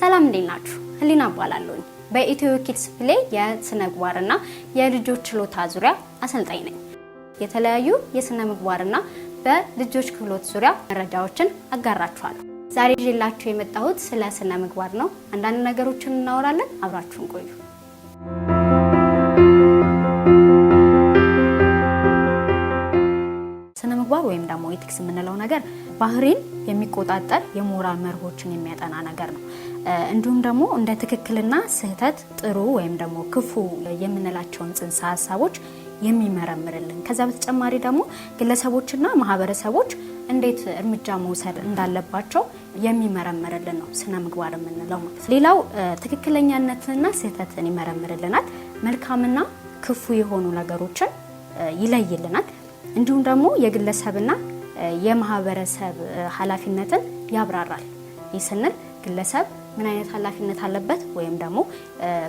ሰላም እንዴት ናችሁ? ህሊና እባላለሁኝ። በኢትዮ ኪድስ ፕሌይ የስነ ምግባርና የልጆች ችሎታ ዙሪያ አሰልጣኝ ነኝ። የተለያዩ የስነ ምግባርና በልጆች ክህሎት ዙሪያ መረጃዎችን አጋራችኋለሁ። ዛሬ ይዤላችሁ የመጣሁት ስለ ስነ ምግባር ነው። አንዳንድ ነገሮችን እናወራለን። አብራችሁን ቆዩ። ኤቲክስ የምንለው ነገር ባህሪን የሚቆጣጠር የሞራል መርሆችን የሚያጠና ነገር ነው። እንዲሁም ደግሞ እንደ ትክክልና ስህተት፣ ጥሩ ወይም ደግሞ ክፉ የምንላቸውን ጽንሰ ሀሳቦች የሚመረምርልን ከዛ በተጨማሪ ደግሞ ግለሰቦችና ማህበረሰቦች እንዴት እርምጃ መውሰድ እንዳለባቸው የሚመረምርልን ነው ስነ ምግባር የምንለው ማለት። ሌላው ትክክለኛነትንና ስህተትን ይመረምርልናል። መልካምና ክፉ የሆኑ ነገሮችን ይለይልናል። እንዲሁም ደግሞ የግለሰብና የማህበረሰብ ኃላፊነትን ያብራራል። ይህ ስንል ግለሰብ ምን አይነት ኃላፊነት አለበት ወይም ደግሞ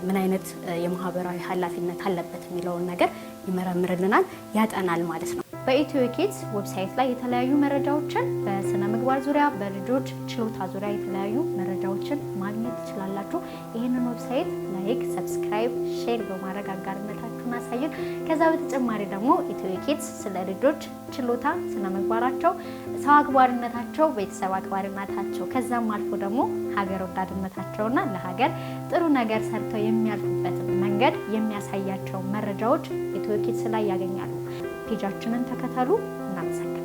ምን አይነት የማህበራዊ ኃላፊነት አለበት የሚለውን ነገር ይመረምርልናል፣ ያጠናል ማለት ነው። በኢትዮ ኬትስ ዌብሳይት ላይ የተለያዩ መረጃዎችን በስነ ምግባር ዙሪያ፣ በልጆች ችሎታ ዙሪያ የተለያዩ መረጃዎችን ማግኘት ትችላላችሁ። ይህንን ዌብሳይት ላይክ፣ ሰብስክራይብ፣ ሼር በማድረግ አጋርነ የሚያሳዩን። ከዛ በተጨማሪ ደግሞ ኢትዮ ኪድስ ስለ ልጆች ችሎታ፣ ስነ ምግባራቸው፣ ሰው አክባሪነታቸው፣ ቤተሰብ አክባሪነታቸው ከዛም አልፎ ደግሞ ሀገር ወዳድነታቸውና ለሀገር ጥሩ ነገር ሰርተው የሚያልፉበትን መንገድ የሚያሳያቸው መረጃዎች ኢትዮ ኪድስ ላይ ያገኛሉ። ፔጃችንን ተከተሉ። እናመሰግናለን።